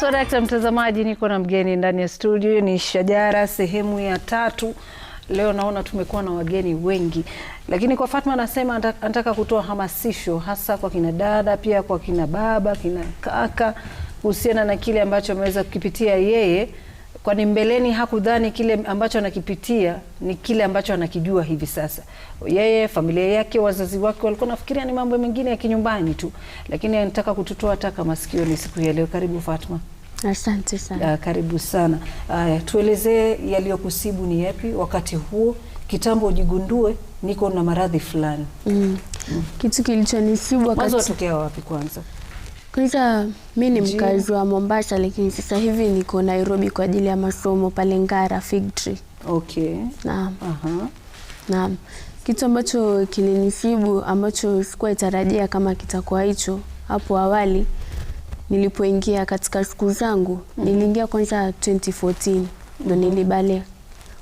Sorakta mtazamaji, niko na mgeni ndani ya studio, ni Shajara sehemu ya tatu. Leo naona tumekuwa na wageni wengi, lakini kwa Fatma anasema anataka kutoa hamasisho hasa kwa kina dada, pia kwa kina baba, kina kaka, kuhusiana na kile ambacho ameweza kukipitia yeye, kwani mbeleni hakudhani kile ambacho anakipitia ni kile ambacho anakijua hivi sasa. Yeye, familia yake, wazazi wake walikuwa nafikiria ni mambo mengine ya kinyumbani tu, lakini anataka kututoa taka masikioni siku ya leo. Karibu Fatma. Asante sana. Uh, karibu sana. Uh, tuelezee yaliyokusibu ni yapi wakati huo kitambo ujigundue niko na maradhi fulani. Mm. Mm. Kitu kilichonisibu wakati... watokea wapi kwanza? Kwanza mi ni mkazi wa Mombasa, lakini sasa hivi niko Nairobi kwa ajili ya masomo pale Ngara Fig Tree. Okay. Naam. Aha. Naam. Kitu ambacho kilinisibu ambacho sikuwa itarajia kama kitakuwa hicho hapo awali nilipoingia katika siku zangu mm -hmm. niliingia kwanza 2014 ndo mm -hmm. nilibalea.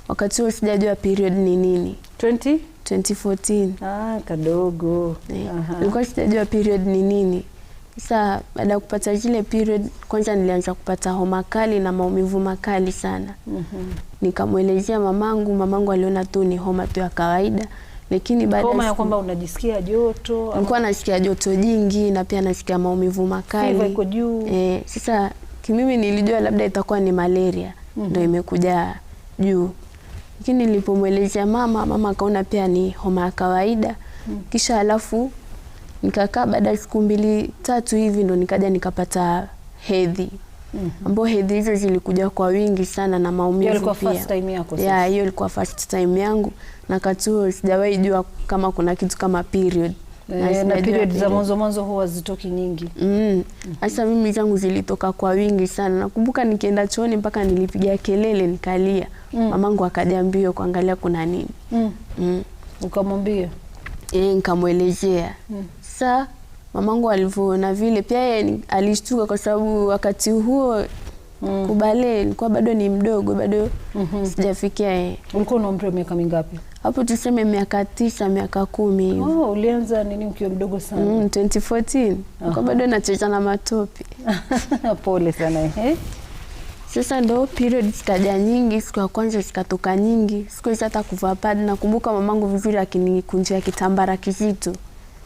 Wakati huo sijajua period ni nini 20? 2014. Ah, kadogo eh, nilikuwa sijajua period ni nini. Sasa baada ya kupata zile period, kwanza nilianza kupata homa kali na maumivu makali sana mm -hmm. Nikamwelezea mamangu, mamangu aliona tu ni homa tu ya kawaida lakini baada ya kwamba unajisikia joto, nilikuwa nasikia joto jingi na pia nasikia maumivu makali e, sasa kimimi nilijua labda itakuwa ni malaria mm -hmm. Ndio imekuja juu, lakini nilipomwelezea mama, mama akaona pia ni homa ya kawaida mm -hmm. Kisha alafu nikakaa, baada ya siku mbili tatu hivi ndo nikaja nikapata hedhi mm -hmm. ambao hedhi hizo zilikuja kwa wingi sana na maumivu pia. Hiyo ilikuwa first time yangu, na kati huo sijawahi jua kama kuna kitu kama period na, eh, na period za mwanzo mwanzo huwa zitoki nyingi. Mm. Mhm. Hasa mimi zangu zilitoka kwa wingi sana. Nakumbuka nikienda chooni mpaka nilipiga kelele nikalia. Mm. Mamangu akaja mbio kuangalia kuna nini. Mm. Mm. Ukamwambia? Eh, nikamwelezea. Mm. Sasa mamangu alivyoona vile pia yeye alishtuka kwa sababu wakati huo mm. kubale ilikuwa bado ni mdogo bado mm -hmm. sijafikia yeye. Ulikuwa na umri wa miaka mingapi? Hapo tuseme miaka tisa miaka kumi. Oh, ulianza nini ukiwa mdogo sana? Mm, 2014 nilikuwa bado nacheza na matope pole sana eh. Sasa ndo period zikaja nyingi, siku ya kwanza zikatoka nyingi, sikuweza hata kuvaa pad. Nakumbuka mamangu vizuri akinikunjia kitambara kizito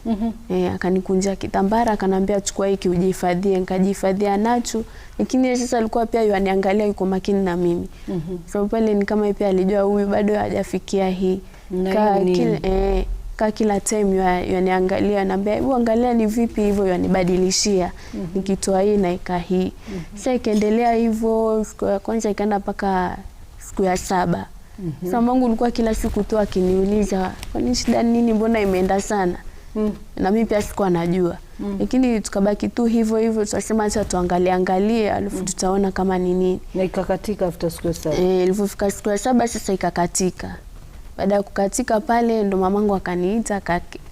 mm -hmm. E, eh, akanikunjia kitambara akanambia chukua hiki ujihifadhie, nikajihifadhia nacho, lakini sasa alikuwa pia yuaniangalia yuko makini na mimi mm -hmm. so, pale ni kama pia alijua huyu bado hajafikia hii ka kila, e, ka kila time yuaniangalia anambia hebu angalia ni vipi hivyo yanibadilishia mm -hmm. nikitoa hii na ika hii mm -hmm. Sasa ikaendelea hivyo, siku ya kwanza ikaenda mpaka siku ya saba. Mm -hmm. Sasa mangu ulikuwa kila siku tu akiniuliza, kwani shida nini, mbona imeenda sana? mm mm. na mimi pia sikuwa najua mm. Lakini tukabaki tu hivyo hivyo, tukasema acha tuangalie angalie, alafu mm. tutaona kama ni nini, na ikakatika after siku ya saba. Eh, ilipofika siku ya saba sasa ikakatika. Baada ya kukatika pale, ndo mamangu akaniita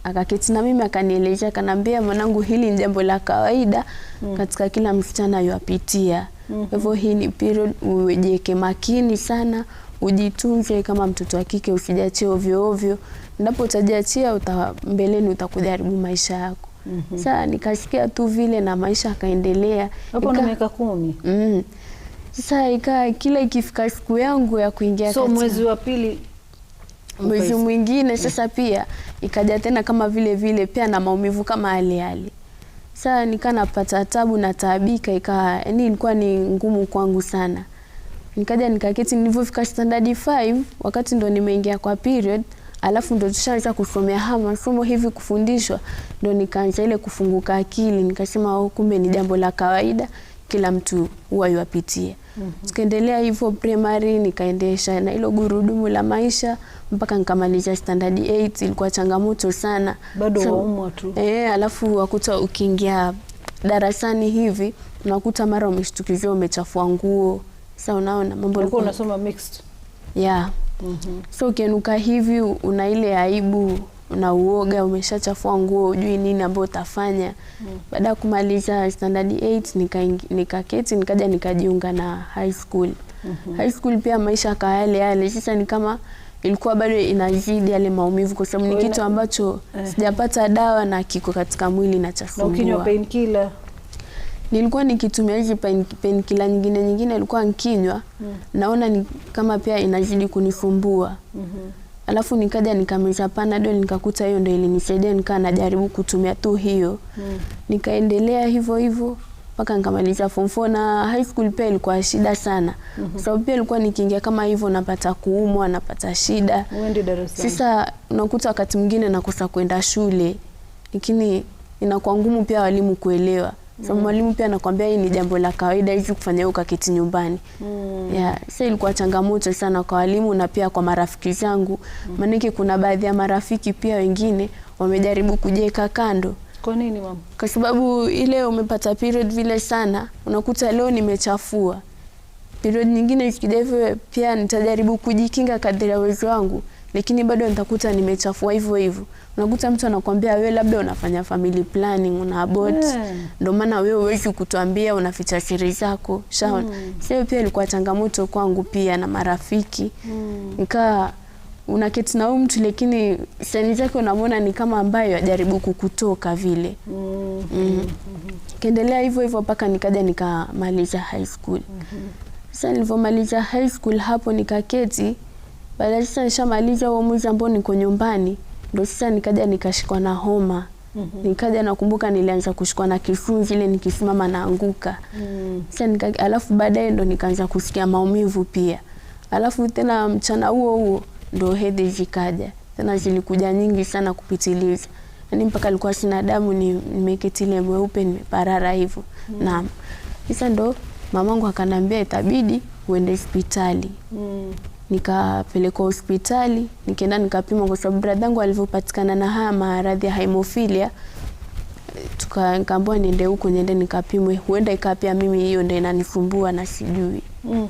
akaketi na mimi akanielezea, kanambia mwanangu, hili ni jambo la kawaida mm. katika kila msichana yuapitia. Mm. Kwa hivyo mm -hmm. hii ni period, uwejeke makini sana ujitunze kama mtoto wa kike, usijiachie ovyo ovyo. Endapo utajiachia uta, mbeleni utakujaribu maisha yako. Mm -hmm. Sasa nikasikia tu vile na maisha akaendelea. Hapo na miaka kumi. Mm. Sasa ikaa kila ikifika siku yangu ya kuingia so, mwezi wa pili mwezi mwingine mm. sasa pia ikaja tena kama vile vile pia na maumivu kama hali hali. Sasa nikaa napata tabu na taabika, ikawa yani ilikuwa ni ngumu kwangu sana nikaja nikaketi. Nilivyofika standard 5 wakati ndo nimeingia kwa period, alafu ndo tushaanza kusomea haya masomo hivi kufundishwa, ndo nikaanza ile kufunguka akili, nikasema oh, kumbe ni jambo la kawaida, kila mtu huwa yuapitie. mm -hmm. Tukaendelea hivyo primary, nikaendesha na hilo gurudumu la maisha mpaka nikamaliza standard 8. Ilikuwa changamoto sana, bado so, waumwa tu eh, alafu wakuta ukiingia darasani hivi unakuta mara umeshtukizwa umechafua nguo sasa unaona mambo ulikuwa unasoma mixed. Yeah. Mm -hmm. So ukienuka hivi una ile aibu na uoga, umeshachafua nguo, ujui nini ambayo utafanya. Mm Baada ya kumaliza standard 8 nika nikaketi nikaja nikajiunga na high school. Mm -hmm. High school pia maisha ka yale yale, sasa ni kama ilikuwa bado inazidi yale maumivu, kwa sababu ni kitu ambacho eh, sijapata dawa na kiko katika mwili na chasumbua. Na ukinywa painkiller nilikuwa nikitumia hizi penkila nyingine nyingine, ilikuwa nkinywa mm. naona ni kama pia inazidi kunifumbua mm -hmm. Alafu nikaja nikameza panadol nikakuta hiyo ndo ilinisaidia, nikaa najaribu kutumia tu hiyo mm. Nikaendelea hivyo hivyo mpaka nikamaliza form na high school pia ilikuwa shida sana mm -hmm. sababu so, pia ilikuwa nikiingia kama hivyo napata kuumwa, napata shida. Sasa unakuta wakati mwingine nakosa kwenda shule, lakini inakuwa ngumu pia walimu kuelewa mm so mwalimu pia anakuambia hii ni jambo la kawaida hivi kufanya ukaketi nyumbani mm. yeah. so ilikuwa changamoto sana kwa walimu na pia kwa marafiki zangu mm. maanake kuna baadhi ya marafiki pia wengine wamejaribu kujeka kando kwa nini mama? Kwa sababu ile umepata period vile sana, unakuta leo nimechafua period nyingine ikija hivyo pia nitajaribu kujikinga kadri ya uwezo wangu, lakini bado nitakuta nimechafua hivyo hivyo unakuta mtu anakuambia wewe labda unafanya family planning una abort yeah. Ndio maana wewe uweki kutuambia unaficha siri zako shaona mm. Sio pia ilikuwa changamoto kwangu pia na marafiki mm. Nikaa unaketi na huyu mtu lakini sani zake unamwona ni kama ambayo ajaribu kukutoka vile mm-hmm. mm. Mm. Mm -hmm. Kaendelea hivyo hivyo mpaka nikaja nikamaliza high school mm -hmm. Sasa nilivyomaliza high school hapo nikaketi baada, ya sasa nishamaliza huo mwezi ambao niko nyumbani Ndo sasa nikaja nikashikwa na homa Mm -hmm. Nikaja nakumbuka nilianza kushikwa na kifuu vile nikisimama naanguka. Mm. Sasa nika, alafu baadaye ndo nikaanza kusikia maumivu pia. Alafu tena mchana huo huo ndo hedhi zikaja. Tena zilikuja nyingi sana kupitiliza. Yaani mpaka alikuwa sina damu ni nimeketile mweupe nimeparara hivyo. Mm. Naam. Sasa ndo mamangu akaniambia itabidi uende hospitali. Mm nikapelekwa hospitali, nikaenda nikapimwa, kwa sababu bradhangu alivyopatikana na haya maradhi ya haemofilia tukaambiwa niende huko niende nikapimwe, huenda ikawa pia mimi hiyo ndio inanisumbua na sijui mm.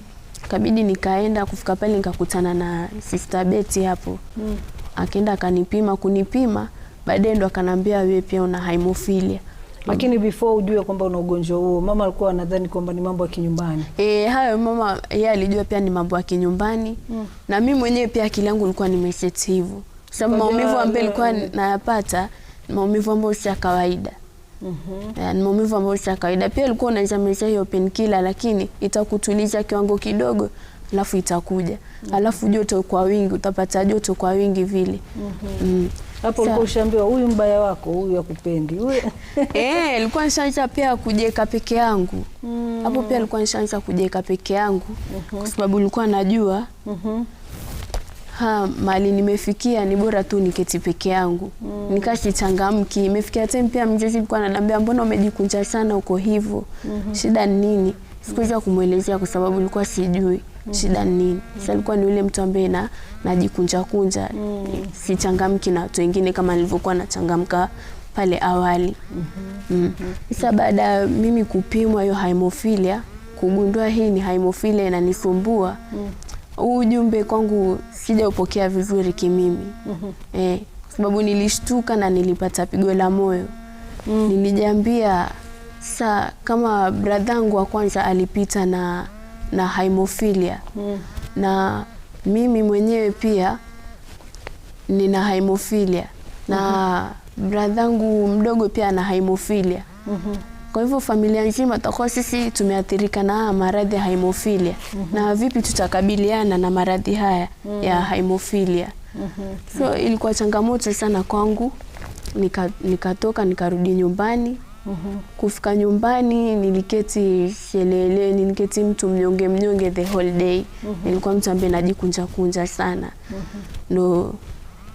Kabidi nikaenda kufika pale nikakutana na Sister Betty hapo mm. Akaenda akanipima kunipima, baadaye ndo akanambia wewe pia una haemofilia. Mm. lakini before ujue kwamba una ugonjwa huo, mama alikuwa anadhani kwamba ni mambo ya kinyumbani. E, hayo mama yeye alijua pia ni mambo ya kinyumbani mm. na mimi mwenyewe pia akili yangu ilikuwa nimeseti hivyo, sababu maumivu ambayo ilikuwa nayapata maumivu ambayo si ya kawaida mm -hmm. ni maumivu ambayo si ya kawaida pia. Ulikuwa unaweza mesha hiyo painkiller, lakini itakutuliza kiwango kidogo alafu itakuja, mm -hmm. alafu joto kwa wingi, utapata joto kwa wingi vile mhm. mm -hmm. mm hapo ulikuwa ushaambiwa huyu mbaya wako huyu akupendi. Eh, alikuwa nishaanza pia kujeka peke yangu mm. hapo mm. pia ilikuwa nishaanza kujeka peke yangu mm -hmm. kwa sababu nilikuwa najua mm -hmm. Ha, mali nimefikia ni bora tu niketi peke yangu mm. nikasichangamki. Imefikia time pia mjezi alikuwa ananiambia mbona umejikunja sana uko hivyo mm -hmm. shida ni nini? sikuweza kumwelezea kwa sababu nilikuwa sijui mm. shida ni nini? mm. Sasa alikuwa ni yule mtu ambaye na najikunja kunja mm. sichangamki na watu wengine kama nilivyokuwa nachangamka pale awali. Mm-hmm. mm -hmm. mm. Sasa baada ya mimi kupimwa hiyo haemofilia, kugundua hii ni haemofilia inanisumbua mm. huu mm. ujumbe kwangu sijaupokea vizuri kimimi. mm -hmm. eh, sababu nilishtuka na nilipata pigo la moyo. mm. Nilijiambia sa kama bradhangu wa kwanza alipita na na haimofilia mm. na mimi mwenyewe pia nina haimofilia na mm -hmm. bradhangu mdogo pia ana haimofilia mm -hmm. Kwa hivyo familia nzima tutakuwa sisi tumeathirika na maradhi ya haimofilia mm -hmm. na vipi tutakabiliana na maradhi haya mm -hmm. ya haimofilia mm -hmm. so ilikuwa changamoto sana kwangu, nikatoka nika nikarudi nyumbani Uhum. Kufika nyumbani niliketi kelele, niliketi mtu mnyonge mnyonge the whole day. Uhum. Nilikuwa mtu ambaye najikunja kunja sana. Uhum. Ndo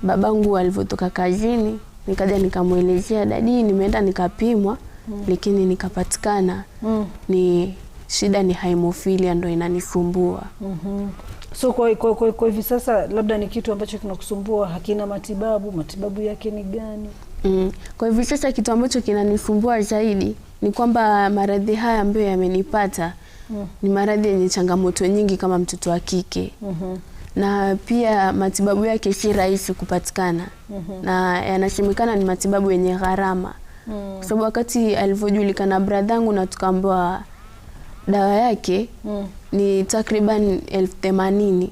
babangu alivyotoka kazini nikaja nikamwelezea, dadi, nimeenda nikapimwa mm. lakini nikapatikana mm. ni shida ni haemofilia ndo inanisumbua. mm -hmm. So kwa hivi kwa, kwa, kwa sasa labda ni kitu ambacho kinakusumbua, hakina matibabu. Matibabu yake ni gani? Mm. Kwa hivyo sasa kitu ambacho kinanisumbua zaidi ni kwamba maradhi haya ambayo yamenipata mm. ni maradhi yenye changamoto nyingi kama mtoto wa kike mm -hmm. na pia matibabu yake si rahisi kupatikana mm -hmm. na yanasemekana ni matibabu yenye gharama mm. kwa sababu wakati alivyojulikana bradhangu na tukaambiwa dawa yake mm. ni takriban elfu themanini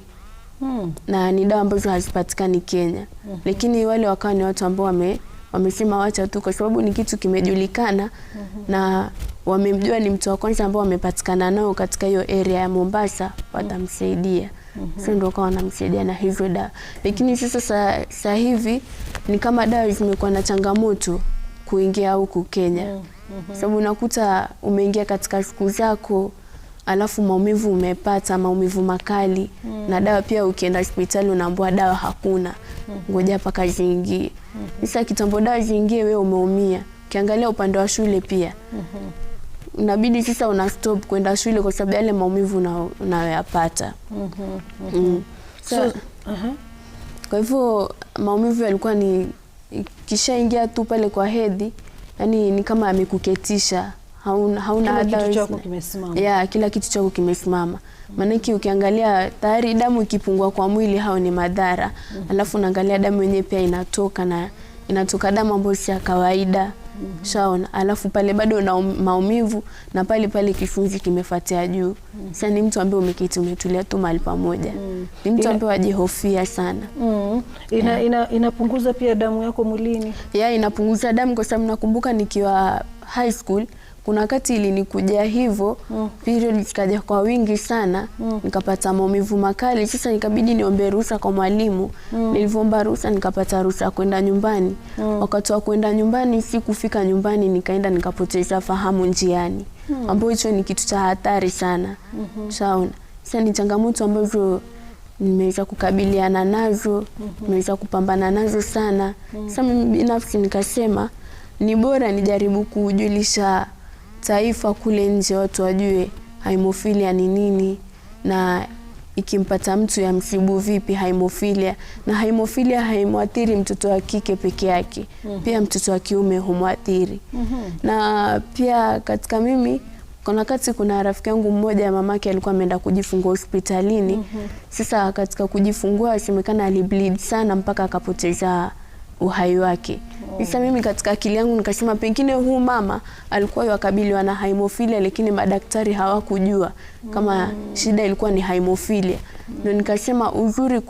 mm. na ni dawa ambazo hazipatikani Kenya mm -hmm. lakini wale wakawa ni watu ambao wame wamesema wacha tu, kwa sababu ni kitu kimejulikana mm -hmm. na wamemjua ni mtu wa kwanza ambao wamepatikana nao katika hiyo area ya Mombasa, watamsaidia mm -hmm. sio ndio, kwa wanamsaidia na hizo dawa. Lakini sasa sa, hivi ni kama dawa zimekuwa na changamoto kuingia huku Kenya mm -hmm. sababu unakuta umeingia katika siku zako alafu maumivu umepata maumivu makali mm. na dawa pia, ukienda hospitali unaambiwa dawa hakuna, mm-hmm. ngoja mpaka ziingie. Mm-hmm. Sasa kitambo dawa ziingie, wewe umeumia. Ukiangalia upande wa shule pia mm -hmm. unabidi sasa una stop kwenda shule kwa sababu yale maumivu unayoyapata mm-hmm. mm -hmm. mm. so, uh -huh. kwa hivyo maumivu yalikuwa ni kishaingia tu pale kwa hedhi, yani ni kama amekuketisha hauna, hauna kila kitu chako kimesimama. Yeah, kila kitu chako kimesimama. Maanake ukiangalia tayari damu ikipungua kwa mwili, hao ni madhara. mm -hmm. Alafu unaangalia damu yenyewe pia inatoka na inatoka damu ambayo si ya kawaida. mm -hmm. Shaona, alafu pale bado na um, maumivu na pale pale kifunzi kimefuatia juu. mm -hmm. Sasa ni mtu ambaye umeketi umetulia tu mahali pamoja. mm -hmm. Ni mtu ambaye ajihofia sana. mm -hmm. Ina, yeah. ina, inapunguza pia damu yako mwilini. Yeah, inapunguza damu kwa sababu nakumbuka nikiwa high school kuna wakati ilinikuja hivyo mm. period zikaja kwa wingi sana mm. nikapata maumivu makali. Sasa nikabidi niombe ruhusa kwa mwalimu mm. nilivyoomba ruhusa nikapata ruhusa kwenda nyumbani mm. wakati wa kwenda nyumbani, si kufika nyumbani, nikaenda nikapoteza fahamu njiani mm. ambayo hicho ni kitu cha hatari sana mm -hmm. Saona, sasa ni changamoto ambazo nimeweza kukabiliana nazo mm-hmm. nimeweza mm -hmm. kupambana nazo sana mm. hmm Sasa mimi binafsi nikasema ni bora nijaribu kujulisha taifa kule nje watu wajue haimofilia ni nini na ikimpata mtu mfibu vipi haimofilia, na haimofilia haimwathiri mtoto wa kike peke yake mm -hmm. Pia mtoto wa kiume humwathiri mm -hmm. Na pia katika mimi kuna wakati kuna rafiki yangu mmoja ya mamake alikuwa ameenda kujifungua hospitalini mm -hmm. Sasa katika kujifungua asemekana alibleed sana mpaka akapoteza uhai wake. Sasa mimi katika akili yangu nikasema pengine huu mama alikuwa yakabiliwa na haemofilia, lakini madaktari hawakujua kama mm. shida ilikuwa ni haemofilia ndio mm. nikasema uzuri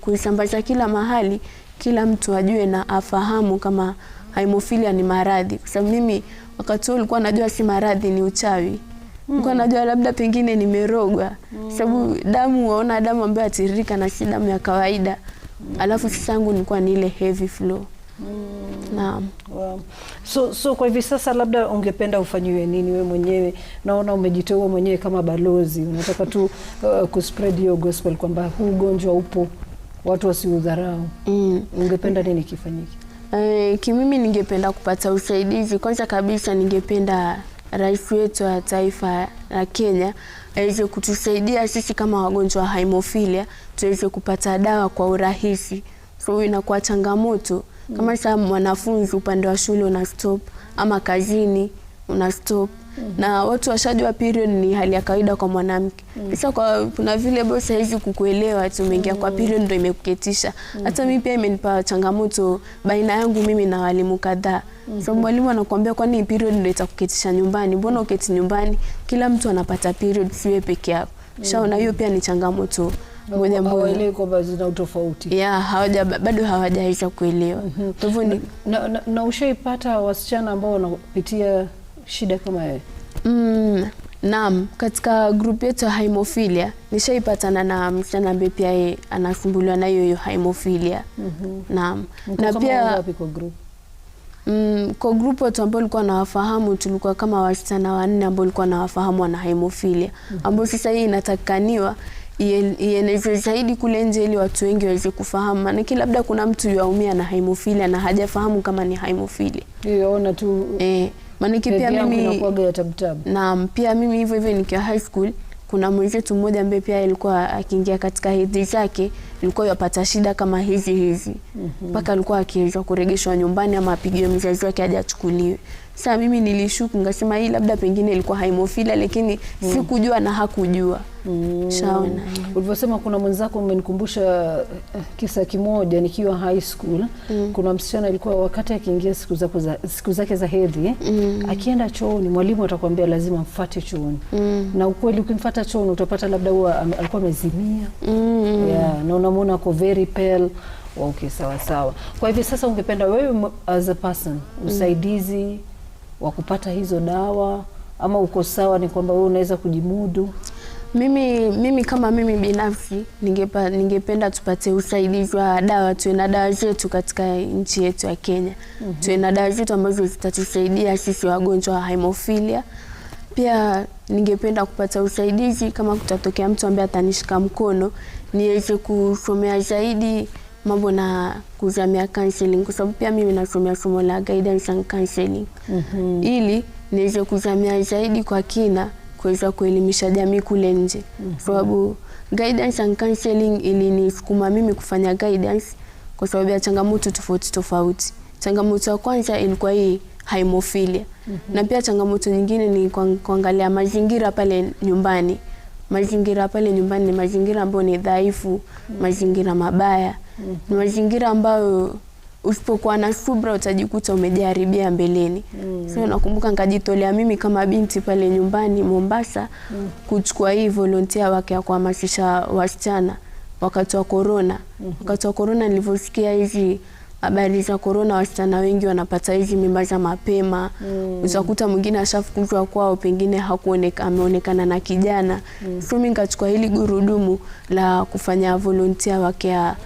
kuisambaza kila mahali, kila mtu ajue na afahamu kama haemofilia ni maradhi, kwa sababu mimi wakati huo nilikuwa najua si maradhi, ni uchawi nilikuwa mm. najua labda pengine nimerogwa mm. sababu damu, waona damu ambayo atiririka na si damu ya kawaida mm. alafu sasa yangu nilikuwa ni ile heavy flow mm. Mm. Naam. Wow. So, so kwa hivi sasa labda ungependa ufanyiwe nini we mwenyewe? Naona umejiteua mwenyewe kama balozi, unataka tu uh, kuspread hiyo gospel kwamba huu ugonjwa upo, watu wasiudharau. Mm. Ungependa nini kifanyike? Uh, kimimi ningependa kupata usaidizi. Kwanza kabisa ningependa rais wetu wa taifa la Kenya aweze kutusaidia sisi kama wagonjwa wa haemofilia tuweze kupata dawa kwa urahisi, so, inakuwa changamoto kama mm. saa mwanafunzi upande wa shule una stop ama kazini una stop mm. na watu washajua period ni hali ya kawaida kwa mwanamke mm. sasa mm. kwa kuna vile bosi hawezi kukuelewa tu umeingia mm. kwa period ndio imekuketisha mm. hata mm. mimi pia imenipa changamoto baina yangu mimi na walimu kadhaa mm -hmm. so mwalimu anakuambia kwani period ndio itakuketisha nyumbani mbona uketi nyumbani kila mtu anapata period siwe peke yako mm. shaona hiyo pia ni changamoto hawaelewi kwamba zina utofauti hawaja bado hawajaweza kuelewa mm -hmm. ni na, na, na ushaipata wasichana ambao wanapitia shida kama wewe? Mm, naam, katika grupu yetu ya haimofilia nishaipatana na msichana ambaye pia yeye anasumbuliwa na hiyo hiyo mm -hmm. Naam, na pia Mm, kwa grupu watu ambao likuwa nawafahamu tulikuwa kama wasichana wanne ambao likuwa nawafahamu wana haimofilia mm -hmm. ambao sasa hii inatakikaniwa ielezwe zaidi kule nje ili watu wengi waweze kufahamu, maanake labda kuna mtu yaumia na haimofilia na hajafahamu kama ni haimofilia. tu eh, maanake pia mimi naam, pia mimi hivyo hivyo nikiwa high school kuna mwenzetu mmoja ambaye pia alikuwa akiingia katika hedhi zake, alikuwa yapata shida kama hizi hizi mhm. mpaka mm -hmm. alikuwa akiweza kuregeshwa nyumbani ama apigiwe mzazi wake aje achukuliwe. Sasa mimi nilishuku ngasema hii labda pengine ilikuwa haimofila lakini mm. sikujua na hakujua mm. Shaona, ulivyosema kuna mwenzako umenikumbusha eh, kisa kimoja nikiwa high school mm. kuna msichana alikuwa wakati akiingia siku zake za, siku zake za hedhi mm. akienda chooni, mwalimu atakwambia lazima mfate chooni mm. na ukweli ukimfata chooni utapata labda huwa alikuwa amezimia mm. yeah, na unamwona ako very pale Okay, sawa sawa. Kwa hivyo sasa ungependa wewe as a person mm. usaidizi mm wa kupata hizo dawa ama uko sawa? Ni kwamba wewe unaweza kujimudu? Mimi, mimi kama mimi binafsi ningepa, ningependa tupate usaidizi wa dawa, tuwe na dawa zetu katika nchi yetu ya Kenya. mm -hmm. Tuwe na dawa zetu ambazo zitatusaidia sisi wagonjwa wa haemofilia. Pia ningependa kupata usaidizi kama kutatokea mtu ambaye atanishika mkono niweze kusomea zaidi mambo na kuzamia counseling, kwa sababu pia mimi nasomea somo la guidance and counseling mm -hmm. ili niweze kuzamia zaidi kwa kina kuweza kuelimisha jamii kule nje mm -hmm. sababu guidance and counseling ilinisukuma mimi kufanya guidance kwa sababu ya changamoto tofauti tofauti. Changamoto ya kwanza ilikuwa hii haimofilia mm -hmm. na pia changamoto nyingine ni kuangalia mazingira pale nyumbani. Mazingira pale nyumbani ni mazingira ambayo ni dhaifu, mhm. mazingira mabaya mm mm -hmm. mazingira ambayo usipokuwa na subra utajikuta umejiharibia mbeleni. mm. -hmm. So nakumbuka nikajitolea mimi kama binti pale nyumbani Mombasa mm. -hmm. kuchukua hii volunteer wake ya kuhamasisha wasichana wakati wa korona. mm -hmm. Wakati wa korona nilivyosikia hizi habari za korona, wasichana wengi wanapata hizi mimba za mapema. mm. Utakuta mwingine ashafukuzwa kwao, pengine hakuoneka, ameonekana na kijana. mm. So mimi nikachukua hili gurudumu la kufanya volontia wakea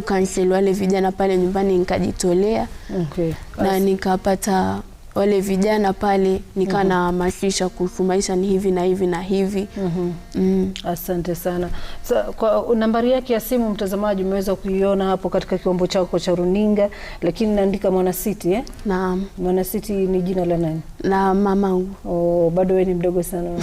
kukansel wale vijana pale nyumbani nikajitolea. Okay. na nikapata wale vijana pale nikaa mhm. nahamasisha mm -hmm. kuhusu maisha ni hivi na hivi na hivi mm -hmm. mm. Asante sana. So, kwa nambari yake ya simu mtazamaji umeweza kuiona hapo katika kiwambo chako cha runinga, lakini naandika Mwanasiti eh? Naam. Mwanasiti ni jina la nani? La mamangu. Oh, bado wewe ni mdogo sana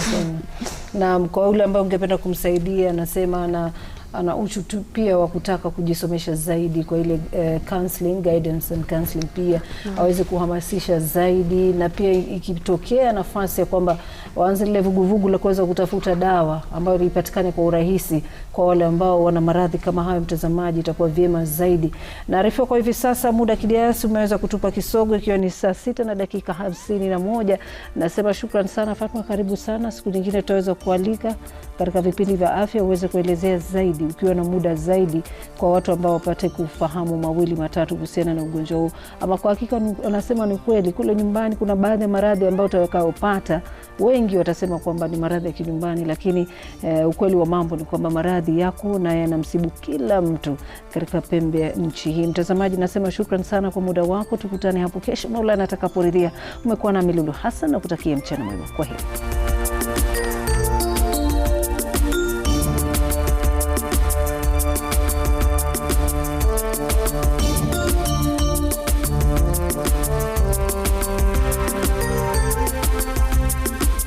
Naam, kwa yule ambaye ungependa kumsaidia anasema na ana uchu tu pia wa kutaka kujisomesha zaidi kwa ile uh, counseling guidance and counseling pia mm. aweze kuhamasisha zaidi, na pia ikitokea nafasi ya kwamba waanze lile vuguvugu la kuweza kutafuta dawa ambayo ipatikane kwa urahisi kwa wale ambao wana maradhi kama hayo, mtazamaji, itakuwa vyema zaidi. Naarifiwa kwa hivi sasa muda kidiasi umeweza kutupa kisogo, ikiwa ni saa sita na dakika hamsini na moja. Nasema shukran sana Fatma, karibu sana. Siku nyingine tutaweza kualika katika vipindi vya afya uweze kuelezea zaidi zaidi, ukiwa na muda zaidi kwa watu ambao wapate kufahamu mawili matatu kuhusiana na ugonjwa huu. Ama kwa hakika anasema ni kweli, kule nyumbani kuna baadhi ya maradhi ambayo utakayopata, wengi watasema kwamba ni maradhi ya kinyumbani, lakini eh, ukweli wa mambo ni kwamba maradhi yako na yanamsibu kila mtu katika pembe ya nchi hii. Mtazamaji, nasema shukran sana kwa muda wako, tukutane hapo kesho Maulana atakaporidhia. Umekuwa na Milulu Hassan na kutakia mchana mwema, kwa heri.